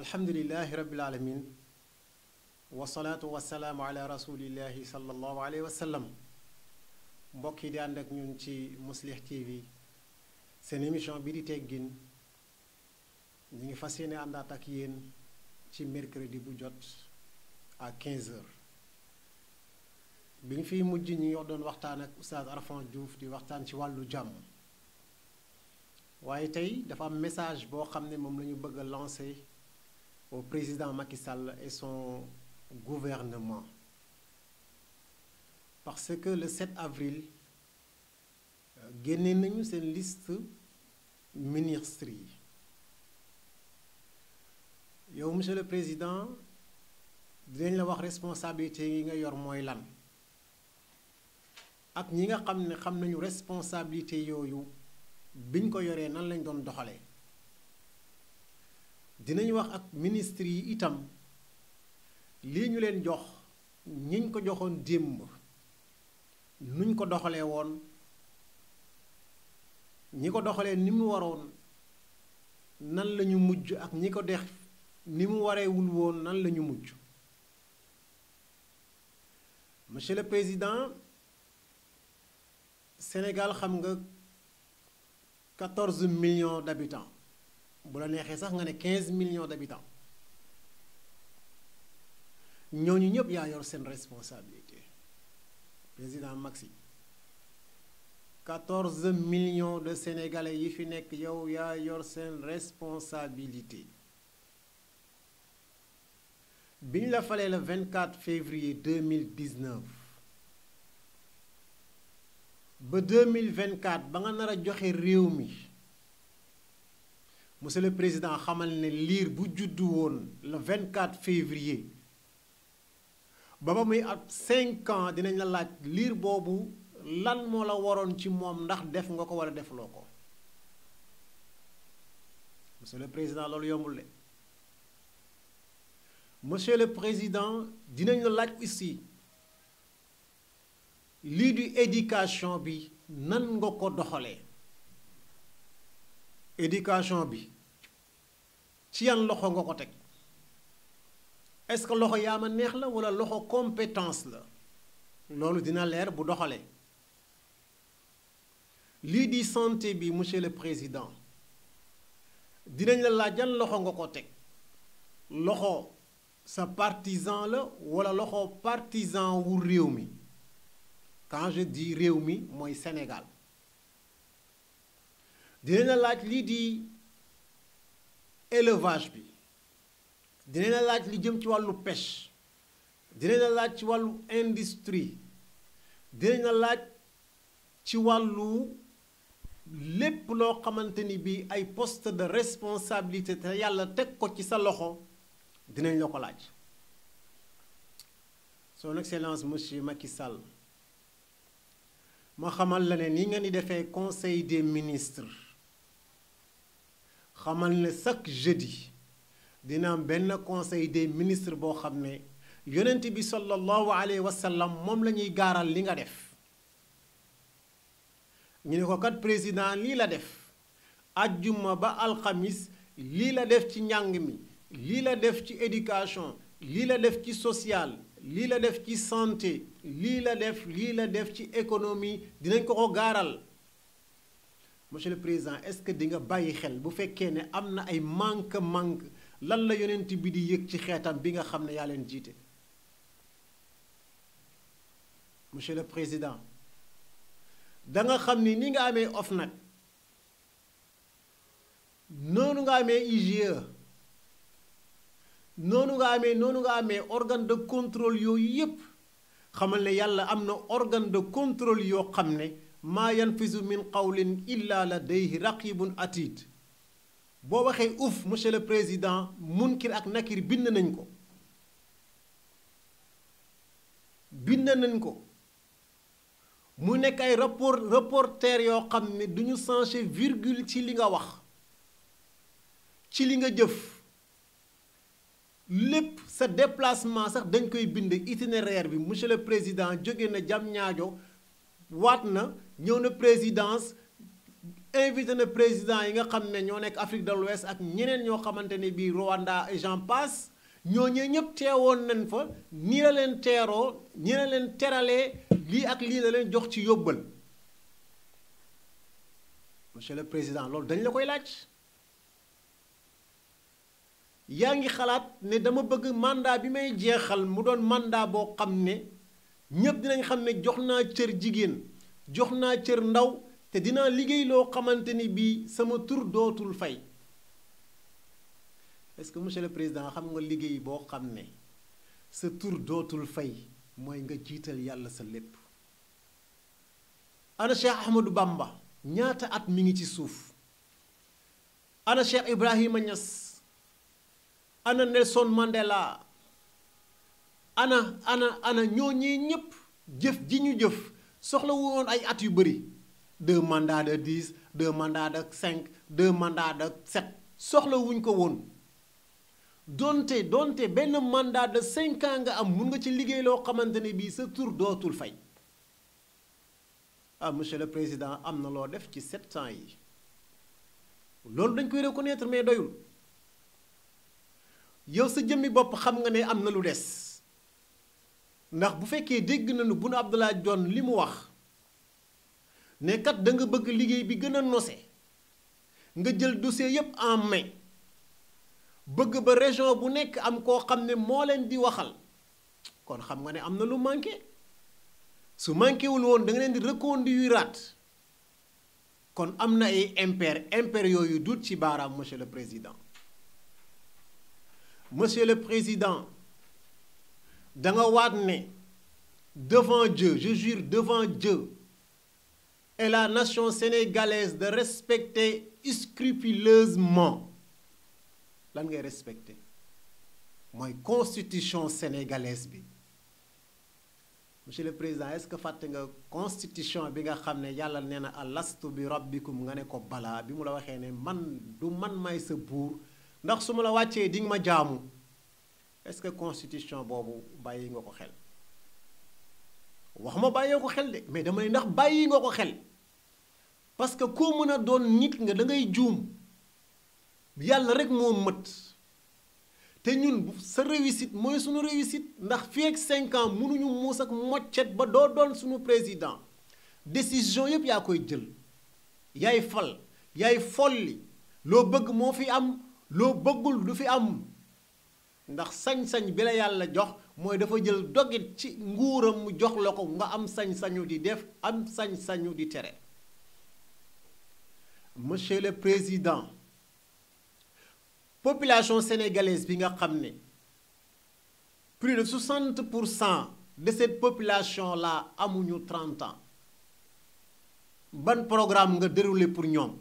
alhamdulilahi rabil alamin wasalaatu wasalaamu ala rasulillahi sallallahu alayhi wa mbokk yi di ànd ak ñun ci Mouslih TV seen émission bi di teggin ñu ngi fas yéene àndaat ak yéen ci mercredi bu jot ak 15 heures bi ñu fiy mujj ñu ngi doon waxtaan ak Oustaz Arfan Diouf di waxtaan ci wàllu jàmm waaye tey dafa am message boo xam ne moom lañu ñu bëgg a au président Macky Sall et son gouvernement. Parce que le 7 avril, euh, génne nañu seen list ministres yi yow monsieur le président dinañ la wax responsabilité yi nga yor mooy lan ak ñi nga xam ne xam nañu responsabilité yooyu biñ ko yoree nan lañ doon doxalee dinañ wax ak ministre yi itam lii ñu leen jox ñiñ ko joxoon démb nuñ ko doxalee woon ñi ko doxalee ni mu waroon nan lañu mujj ak ñi ko dex ni mu wareewul woon nan lañu mujj monsieur le président Sénégal xam nga 14 millions d'habitants bu la neexee sax nga ne 15 millions d'habitants ñooñu ñëpp yaa yor seen responsabilité président Macky 14 millions de sénégalais yi fi nekk yow yaa yor seen responsabilité bi ñu la falee le 24 février 2019 ba 2024 ba nga nar a joxe réew mi. monsieur le président xamal ne liir bu juddu woon vingt 24 février ba ba muy ab cinq ans dinañ la laaj liir boobu lan moo la waroon ci moom ndax def nga ko walla defloo ko monsieur le président loolu yombul de monsieur le président dinañ la laaj aussi lii du éducation bi nan nga ko doxalee. éducation bi ci yan loxo nga ko teg est-ce que loxo yaa ma neex la walla loxo compétence la loolu dina leer bu doxalee lii di santé bi monsieur le président dinañ la laaj yan loxo nga ko teg loxo sa partisan la walla loxo partisan wu réew mi quand di réew mi mooy Sénégal dina la laaj lii di élevage bi dina la laaj li jëm ci wàllu pêche dina la laaj ci wàllu industrie dina la laaj ci wàllu lépp loo xamante ni bi ay poste de responsabilité te yàlla teg ko ci sa loxo dinañ la ko laaj son excellence monsieur Macky Sall ma xamal la ne ni nga ni defee conseil de ministres xamal ne chaque jeudi dina benn conseil des ministres boo xam ne yonent bi sallallahu alayhi wa sallam moom la ñuy gaaral li nga def ñu ne ko kat président lii la def ajjuma ba alxamis lii la def ci njàng mi lii la def ci éducation lii la def ci social lii la def ci santé lii la def lii la def ci économie dinañ ko ko gaaral monsieur le président est-ce que di nga bàyyi xel bu fekkee ne am na ay manque manque lan la yonent bi di yëg ci xeetam bi nga xam ne yaa leen jiite monsieur le président da nga xam ni ni nga amee OFNAC noonu nga amee IGE noonu nga amee noonu nga amee organ de contrôle yooyu yépp xamal ne yàlla am na organ de contrôle yoo xam ne maa yanfisu min qawlin illa ladayhi raqibun atid boo waxee uf monsieur le président munkir ak nakir bind nañ ko bind nañ ko mu nekk ay rapport reporter yoo xam ne duñu ñu changer virgule ci li nga wax ci li nga jëf lépp sa déplacement sax dañ koy bind itinéraire bi monsieur le président jóge na jam ñaajo waat na ñëw na présidence invité na président yi nga xam ne ñoo nekk Afrique de l'Ouest ak ñeneen ñoo xamante ne bii Rwanda et j'en passe ñooñu ñëpp teewoon nañ fa nii la leen teeroo nii la leen terale lii ak lii la leen jox ci yóbbal monsieur le président loolu dañ la koy laaj yaa ngi xalaat ne dama bëgg màndaa bi may jeexal mu doon mandat boo xam ne. ñëpp dinañ xam ne jox naa cër jigéen jox naa cër ndaw te dina liggéey loo xamante ni bii sama tur dootul fay est que monsieur le président xam nga liggéey boo xam ne sa tur dootul fay mooy nga jiital yàlla sa lépp ana Cheikh Ahmadou Bamba ñaata at mi ngi ci suuf ana Cheikh Ibrahima ñas ana Nelson Mandela ana ana ana ñooñee ñëpp jëf ji ñu jëf soxla woon ay at yu bari deux mandats de dix deux mandats de cinq deux mandats de sept soxla ko woon donte donte benn mandat de cinq nga am mun nga ci liggéey loo xamante ne bii sa tur dootul fay ah monsieur le président am na loo def ci sept ans yi loolu dañ koy reconnaître mais doyul yow sa jëmmi bopp xam nga ne am na lu des ndax bu fekkee dégg nañu Boun Abdallah Dionne li mu wax ne kat da nga bëgg liggéey bi gën a nose nga jël dossier yépp en main bëgg ba région bu nekk am koo xam ne moo leen di waxal kon xam nga ne am na lu manqué su manqué wul woon da nga leen di reconduiraat kon am na ay impair impair yooyu duut ci baaraam monsieur le président monsieur le président da nga waat ne devant Dieu je jure devant Dieu et la nation sénégalaise de respecter scrupuleusement lan ngay respecter mooy constitution sénégalaise bi monsieur le président est-ce que fàtte nga constitution bi nga xam ne yàlla nee na alastu bi rabbikum nga ne ko balaa bi mu la waxee ne man du man may sa buur ndax su ma la wàccee di nga ma jaamu est-ce que constitution boobu bàyyi nga ko xel wax ma bàyyee ko xel de mais dama ne ndax bàyyi nga ko xel parce que koo mën a doon nit nga dangay juum yàlla rek moo mët te ñun sa réussite mooy suñu réussite ndax fi ak cinq ans mënuñu muus ak moccet ba doo doon suñu président décision yépp yaa koy jël yaay fal yaay folli loo bëgg moo fi am loo bëggul du fi am ndax sañ-sañ bi la yàlla jox mooy dafa jël dogit ci nguuram mu jox la ko nga am sañ-sañu di def am sañ-sañu di tere monsieur le président population sénégalaise bi nga xam ne plus de 60 pour cent de population là amuñu 30 ban programme nga déroulé pour ñoom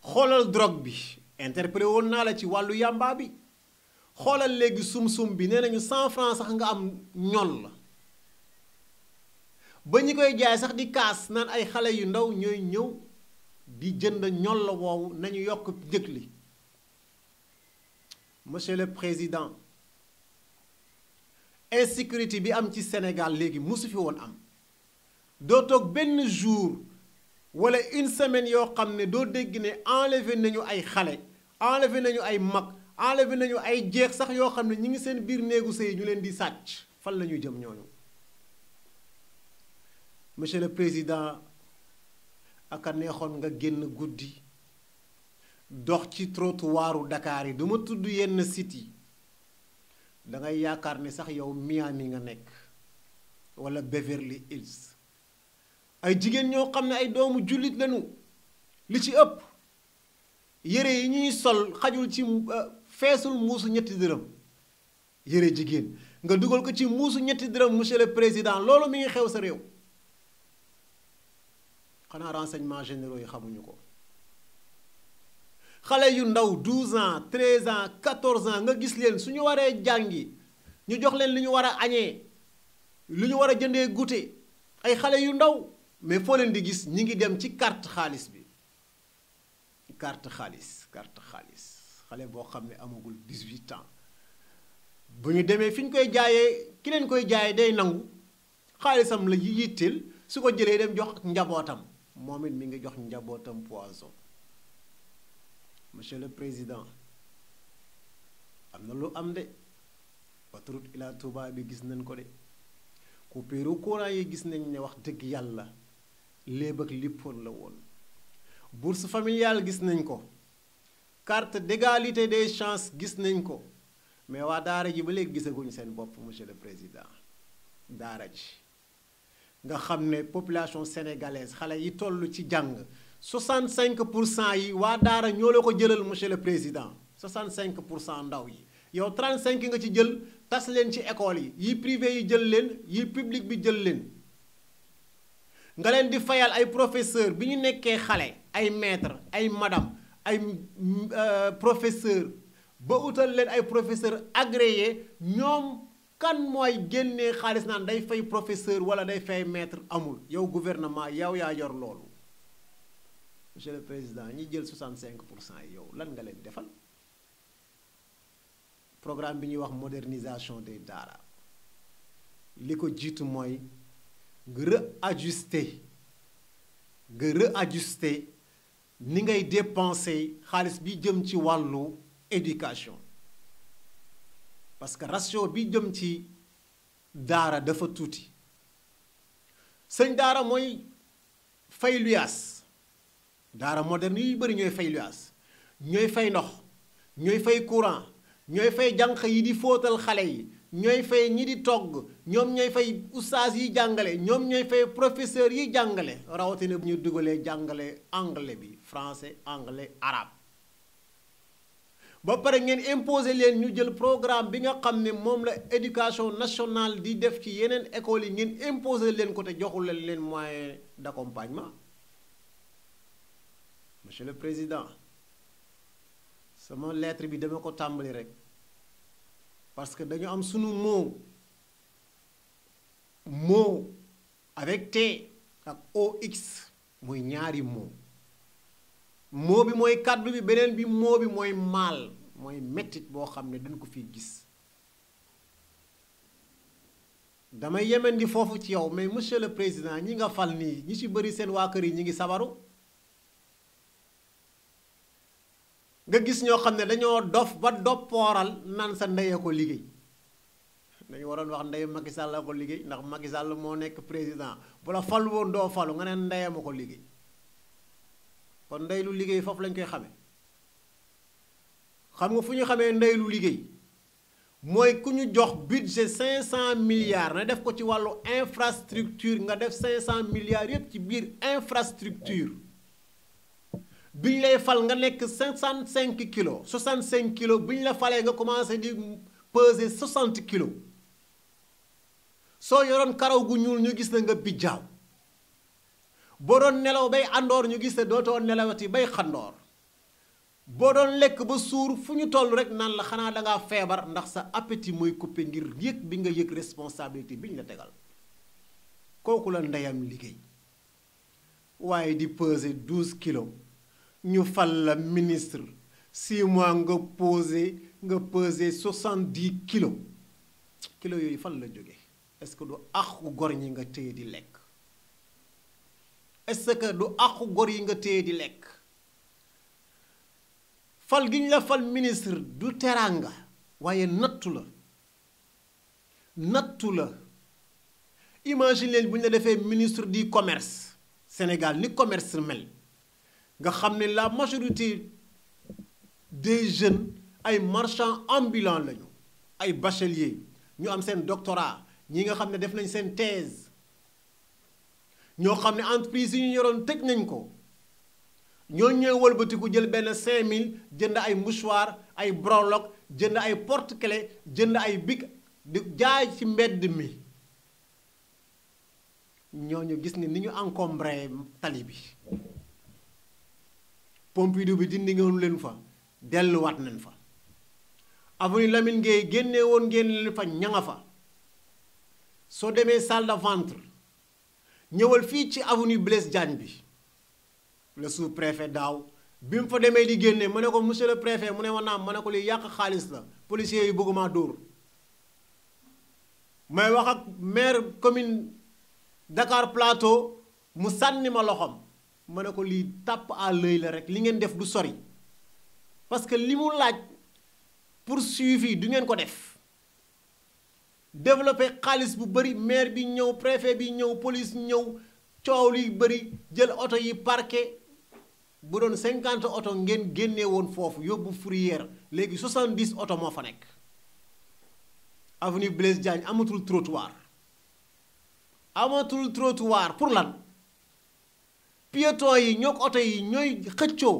xoolal drogue bi interpellé woon naa la ci wàllu yàmbaa bi xoolal léegi sum-sum bi nee nañu cent franc sax nga am ñol la ba ñu koy jaay sax di kaas naan ay xale yu ndaw ñooy ñëw di jënd ñol la woowu nañu yokk njëg li monsieur le président insécurité bi am ci Sénégal léegi musu fi woon am doo toog benn jour wala une semaine yoo xam ne doo dégg ne enlevé nañu ay xale enlevé nañu ay mag enlevé nañu ay jeex sax yoo xam ne ñi ngi seen biir néegu sëy ñu leen di sàcc fan la ñuy jëm ñooñu monsieur le président aka neexoon nga génn guddi dox ci trottoiru dakaar yi du ma tudd yenn siti yi da ngay yaakaar ni sax yow Miami nga nekk wala Beverly Hills ay jigéen ñoo xam ne ay doomu jullit lañu li ci ëpp yëre yi ñuy sol xajul ci euh, feesul muusu ñetti dërëm yére jigéen nga dugal ko ci muusu ñetti dërëm monsieur président loolu mi ngi xew sa réew xanaa renseignements généraux yi xamuñu ko xale yu ndaw 12 ans 13 ans 14 ans nga gis leen su ñu waree jàngi ñu jox leen li ñu war a añee li ñu war a jëndee goûter ay xale yu ndaw mais foo leen di gis ñi ngi dem ci carte xaalis bi carte xaalis carte xaalis xale boo xam ne amagul 18 ans bu ñu demee fi ñu koy jaayee ki leen koy jaayee day nangu xaalisam la yi yitteel su ko jëlee dem jox njabootam moom it mi ngi jox njabootam poison monsieur le président am na lu am de autoroute Ila Touba bi gis nañ ko de coupure courant yi gis nañ ne wax dëgg yàlla léeb ak lippoon la woon bourse familiale gis nañ ko carte d'égalité des chance gis nañ ko mais waa daara ji ba léegi gisaguñ seen bopp monsieur le président daara ji nga xam ne population sénégalaise xale yi toll ci jàng cinq pour cent yi waa daara ñoo la ko jëlal monsieur le président cinq pour cent ndaw yi yow nga ci jël tas leen ci école yi yi privé yi jël leen yi public bi jël leen nga leen di fayal ay professeur bi ñu nekkee xale ay maître ay madam ay euh, professeur ba utal leen ay professeur agréé ñoom kan mooy génnee xaalis naan day fay professeur wala day fay maître amul yow gouvernement yow yaa yor loolu monsieur le président ñi jël cinq pour cent yow lan nga leen defal programme bi ñuy wax modernisation des daara li ko jiitu mooy nga réajuster nga réajuster ni ngay dépenser xaalis bi jëm ci wàllu éducation parce que ratio bi jëm ci daara dafa tuuti sëñ daara mooy fay luyaas daara moderne yu bëri ñooy fay luyaas ñooy fay ndox ñooy fay courant ñooy fay jànq yi di fóotal xale yi ñooy fay ñi di togg ñoom ñooy fay ustaas yi jàngale ñoom ñooy fay professeur yi jàngale rawatina bu ñu dugalee jàngale anglais bi français anglais arab ba pare ngeen imposer leen ñu jël programme bi nga xam ne moom la éducation nationale di def ci yeneen écoles yi ngeen imposer leen ko te joxul leen moyen d'accompagnement monsieur le président sama lettre bi dama ko tàmbali rek parce que dañu am sunu mot mot avec T ak OX muy ñaari mot moo bi mooy kàddu bi beneen bi moo bi mooy maal mooy mettit boo xam ne dañ ko fi gis damay yemen foofu ci yow mais monsieur le président ñi nga fal nii ñi ci bëri seen waa kër yi ñi ngi sabaru nga gis ñoo xam ne dañoo dof ba doppooral nan sa ndeye ko liggéey dañu waroon wax ndeyu Macky Sall ko liggéey ndax Macky Sall moo nekk président bu la fal woon doo falu nga ne ndeyee ma ko liggéey kon ndey liggéey foofu lañ koy xamee xam nga fu ñu xamee ndey liggéey mooy ku ñu jox budget cent milliards na def ko ci wàllu infrastructure nga def cent milliards yépp ci biir infrastructure bi ñu lay fal nga nekk cinquante cinq kilos soixante cinq kilos bi ñu la falee nga commencé di peser soixante kilos soo yoroon karaw gu ñuul ñu gis na nga bijjaaw boo doon nelaw bay àndoor ñu gis ne dootoo nelawati bay xandoor boo doon lekk ba suur fu ñu toll rek naan la xanaa dangaa feebar ndax sa appétit mooy coupé ngir yëg bi nga yëg responsabilité bi ñu la tegal kooku la ndeyam liggéey waaye di peser douze kilos ñu fal la ministre six mois nga posé nga pesé soixante-dix kilos kilos yooyu fan la jóge est-ce que du àqu gor ñi nga téye di lekk est-ce que du àqu gor yi nga téye di lekk fal gi ñu la fal ministre du teraanga waaye nattu la nattu la imagine leen bu ñu la defee ministre du commerce Sénégal ni commerce mel nga xam ne la majorité des jeunes ay marchands ambulants lañu ay bacheliers ñu am seen doctorat ñi nga xam ne def nañ seen thèse ñoo xam ne entreprise yi ñu yoroon teg nañ ko ñoo ñooy walbatiku jël benn 5000 jënd ay mouchoir ay broloque jënd ay porte-clés jënd ay bic di jaay ci mbedd mi ñooñu gis ni ni ñu encombré tali bi. Pompidou bi dindi ngeen leen fa delluwaat nañ fa avenue Lamine Gueye génne woon ngeen leen fa ña fa soo demee salle ventre ñëwal fii ci avenue Blaise Diagne bi le sous-préfet daaw bi mu fa demee di génne mu ne ko monsieur le préfet mu ne ma naam ma ne ko li yàq xaalis la policiers yi bëgguma dóor may wax ak maire commune Dakar Plateau mu sànni ma loxoom ma ne ko lii tàpp à l'œil la rek li ngeen def du sori parce que li mu laaj pour poursuivi du ngeen ko def développé xaalis bu bëri maire bi ñëw préfet bi ñëw police ñëw coow li bëri jël oto yi parquet bu doon cinquante oto ngeen génnee woon foofu yóbbu fourrière léegi soixante-dix oto moo fa nekk avenue Blaise Diagne amatul trottoir amatul trottoir pour lan piétons yi ñoo ko oto yi ñooy xëccoo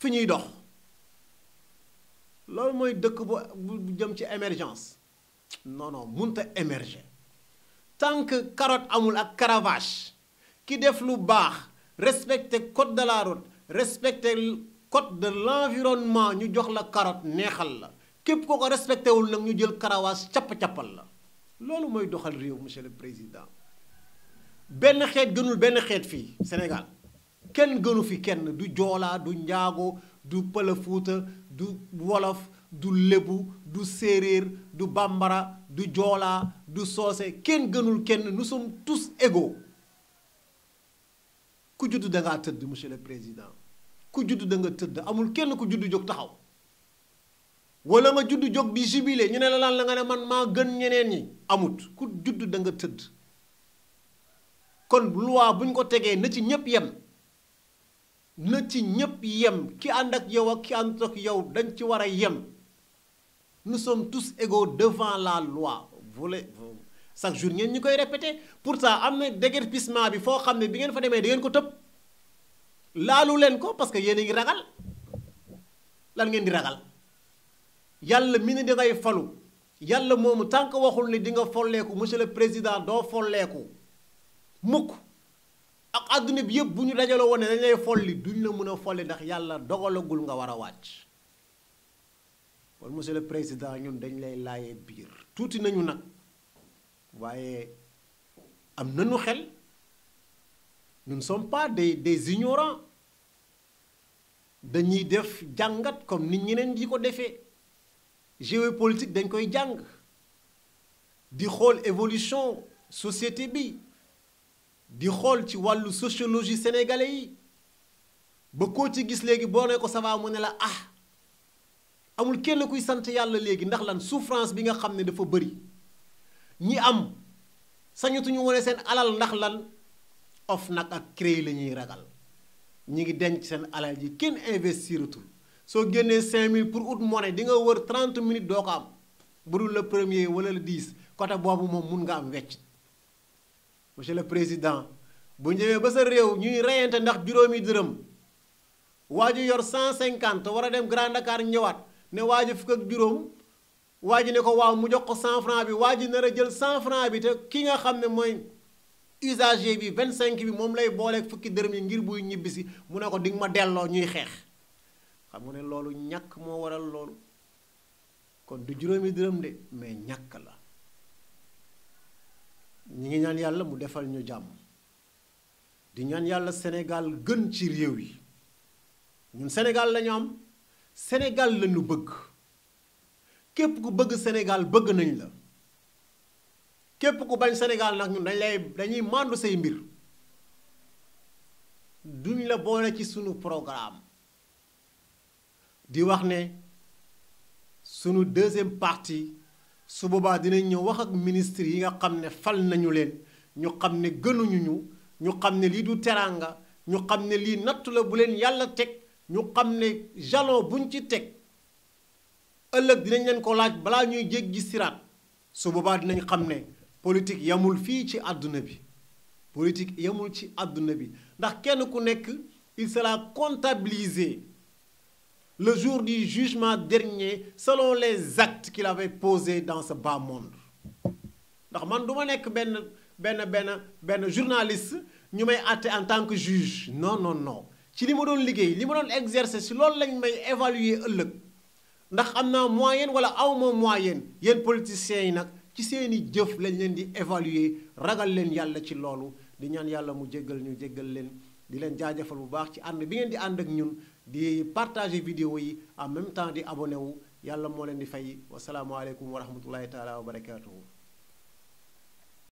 fi ñuy dox loolu mooy dëkk bu jëm ci émergence non non munta émerger tant que carotte amul ak caravage ki def lu baax respecter code de la route respecter code de l'environnement ñu jox la carotte neexal la képp koo ko respecté wul nag ñu jël caravage capp-cappal la loolu mooy doxal réew monsieur le président benn xeet gënul benn xeet fii Sénégal kenn gënu fi kenn du joolaa du njaago du pëlëfuuta du wolof du lébu du séeréer du bambara du joolaa du soose kenn gënul kenn nous sommes tous égo ku juddu da ngaa tëdd monsieur le président ku juddu da nga tëdd amul kenn ku juddu jóg taxaw wala nga judd jóg di jubilé ñu ne la la nga ne man maa gën ñeneen ñi amut ku judd da tëdd kon loi bu ñu ko tegee na ci ñëpp yem na ci ñëpp yem ki ànd ak yow ak ki ànd ak yow dañ ci war a yem nous sommes tous égaux devant la loi vous le chaque jour ngeen ñu koy pour pourtant am na déguerpissement bi foo xam ne bi ngeen fa demee da ngeen ko tëb laalu leen ko parce que yéen a ngi ragal lan ngeen di ragal yàlla mi ne dangay falu yàlla moomu tànk waxul ne di nga folleeku monsieur le président doo folleeku mukk ak àdduna bi yëpp bu ñu dajaloo woon ne dañ lay folli duñ la mën a folli ndax yàlla dogalagul nga war a wàcc kon monsieur le président ñun dañ lay laayee biir tuuti nañu nag waaye am nañu xel nous sompa sommes des des ignorants dañuy def jàngat comme nit ñeneen yi ko defee géopolitique dañ koy jàng di xool évolution société bi di xool ci wàllu sociologie sénégalais yi ba koo ci gis léegi boo ne ko ça va mu ne la ah amul kenn kuy sant yàlla léegi ndax lan souffrance bi nga xam ne dafa bëri ñi am sañatuñu wane seen alal ndax lan of nag ak créé la ñuy ragal ñi ngi denc seen alal ji kenn investiratul soo génnee 5000 pour ut monnaie di nga wër 30 minutes doo ko am bu dul le premier wala le 10 côté boobu moom mun nga am wecc monsieur le président bu ñëwee ba sa réew ñuy reyante ndax juróomi dërëm waa ji yor cinquante war a dem Grand Dakar ñëwaat ne waa ji fukk ak juróom waa ju ne ko waaw mu jox ko 100 bi waa ji nar a jël 100 bi te ki nga xam ne mooy usager bi cinq bi moom lay booleeg fukki dërëm yi ngir buy ñibbisi mu ne ko di ma delloo ñuy xeex xam nga ne loolu ñàkk moo waral loolu kon du juróomi dërëm de mais ñàkk la. ñi ngi ñaan yàlla mu defal ñu jàmm di ñaan yàlla Sénégal gën ci réew yi ñun Sénégal lañu am Sénégal lañu bëgg képp ku bëgg Sénégal bëgg nañ la képp ku bañ Sénégal nag dañ lay dañuy màndu say mbir duñ la boole ci sunu programme di wax ne sunu deuxième partie su boobaa dinañ ñëw wax ak ministre yi nga xam ne fal nañu leen ñu xam ne gënuñu ñu ñu xam ne lii du teraanga ñu xam ne lii nattu la bu leen yàlla teg ñu xam ne jalon buñ ci teg ëllëg dinañ leen ko laaj balaa ñuy jéggi siraat su boobaa dinañ xam ne politique yamul fii ci àdduna bi politique yamul ci àdduna bi ndax kenn ku nekk il sera comptabilisé le jour du jugement dernier selon les actes qu'il avait posés dans ce bas monde ndax man duma nekk benn benn benn benn journaliste ñu may àtte en tant que juge non noon non ci li ma doon liggéey li ma doon exercer si loolu lañ may évaluer ëllëg ndax am naa moyenne wala awma moyenne yéen politiciens yi nag ci seeni jëf lañ leen di évaluer ragal leen yàlla ci loolu di ñaan yàlla mu jéggal ñu jéggal leen di leen jaajëfal bu baax ci ànd bi ngeen di ànd ñun di partager vidéo yi en même temps di abonné wu yàlla moo leen di fay wasalaamualeykum wa rahmatullahi taala wa barakaatuhu